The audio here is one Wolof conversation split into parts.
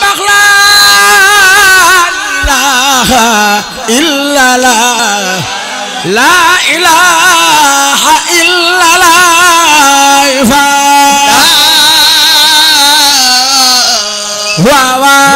baax la ilaha illa la la ilaha illa la fa waaw waaw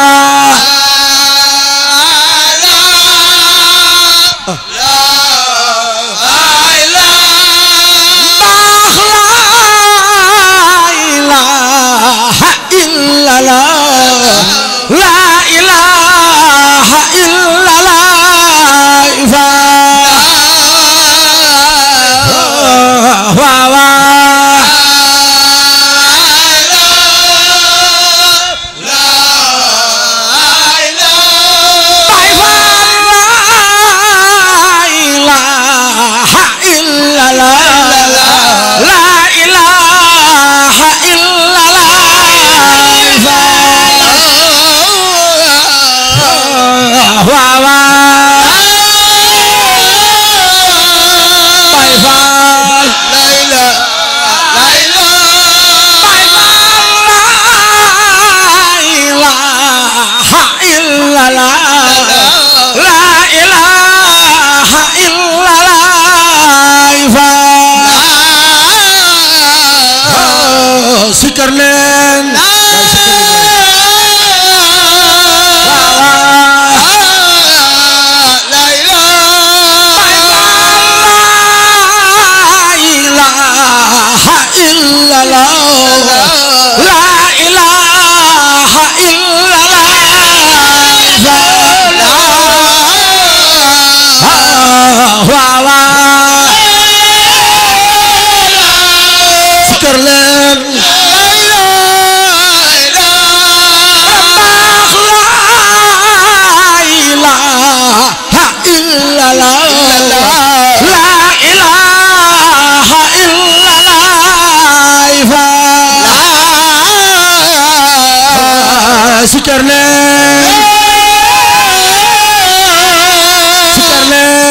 إله إلا الله waaye sikkar leen sikkar leen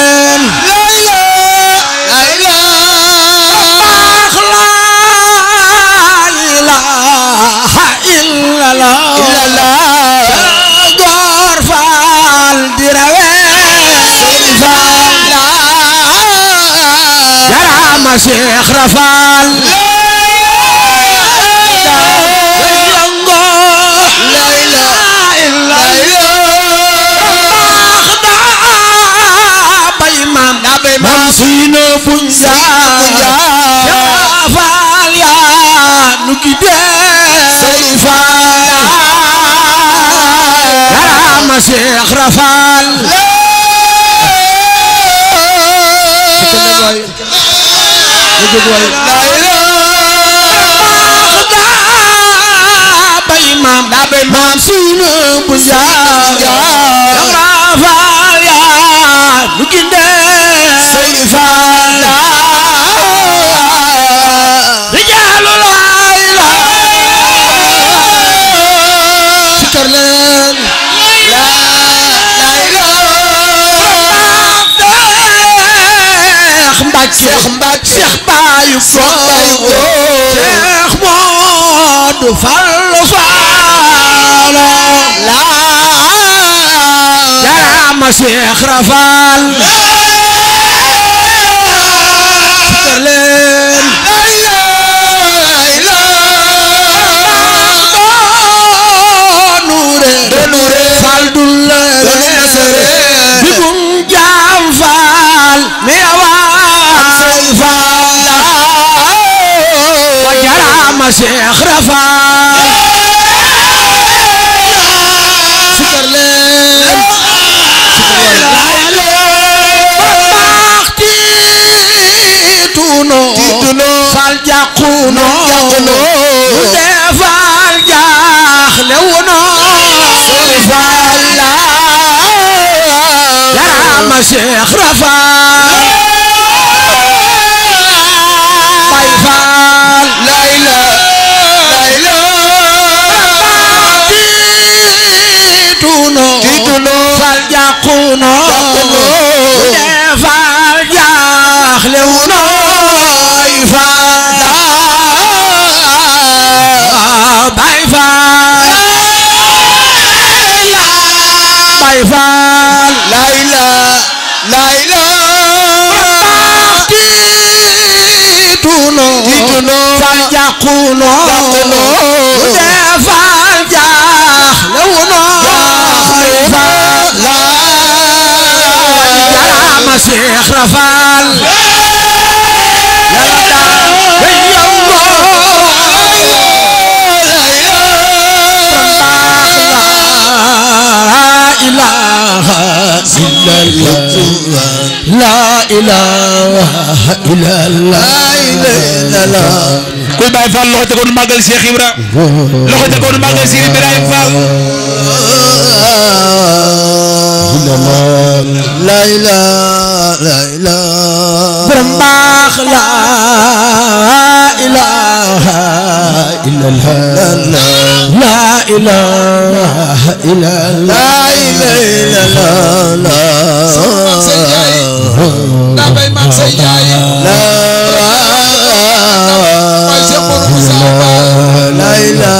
Cheikh Rafal Cheikh Rafal bay maam daa bay maam suuna bu njaa Cheikh Mbacke Cheikh Baye Fall Cheikh Modou Fall Fall la jarama Cheikh Rafal Cheikh Rafa sikar leen tiituno fal jaquno mu defal jaxle wono fal la yarama Cheikh Rafa Baay Faal la ilaha la ilaha tuno tuno sanja kuno ude faal jaax lewuno Baay Faal la jarama Seex Rafaal لا إله إلا الله لا إله إلا الله kuy Baay Faal loxo ca koonu màggal Cheikh Ibra loxo ca koonu màggal Cheikh Ibrahima Fall la ilaha la ilaha borom baax la ilaha illa Allah la ilaha illa Allah la ilaha illa Allah naan day maam say yaay mooy Cheikh Modou Moussa Fall lay la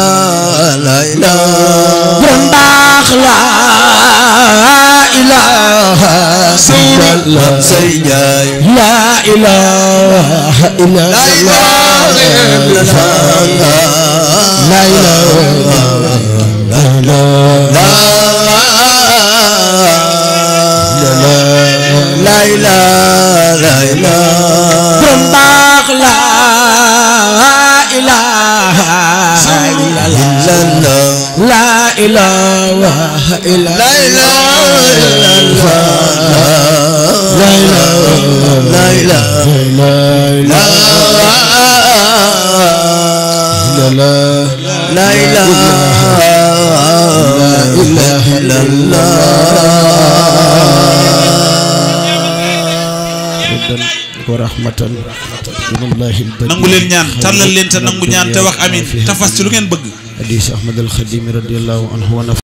lay la borom baax la ilaha illa say yaay la ilaha illa la ilaha illa layla layla borom baax la ilaha illallah la ilaha illallah la ilaha illallah wa rahmatan minallahi nangu leen ñaan tàllal leen te nangu ñaan te wax amin te fas ci lu ngeen bëgg hadis ahmad al khadim radiyallahu anhu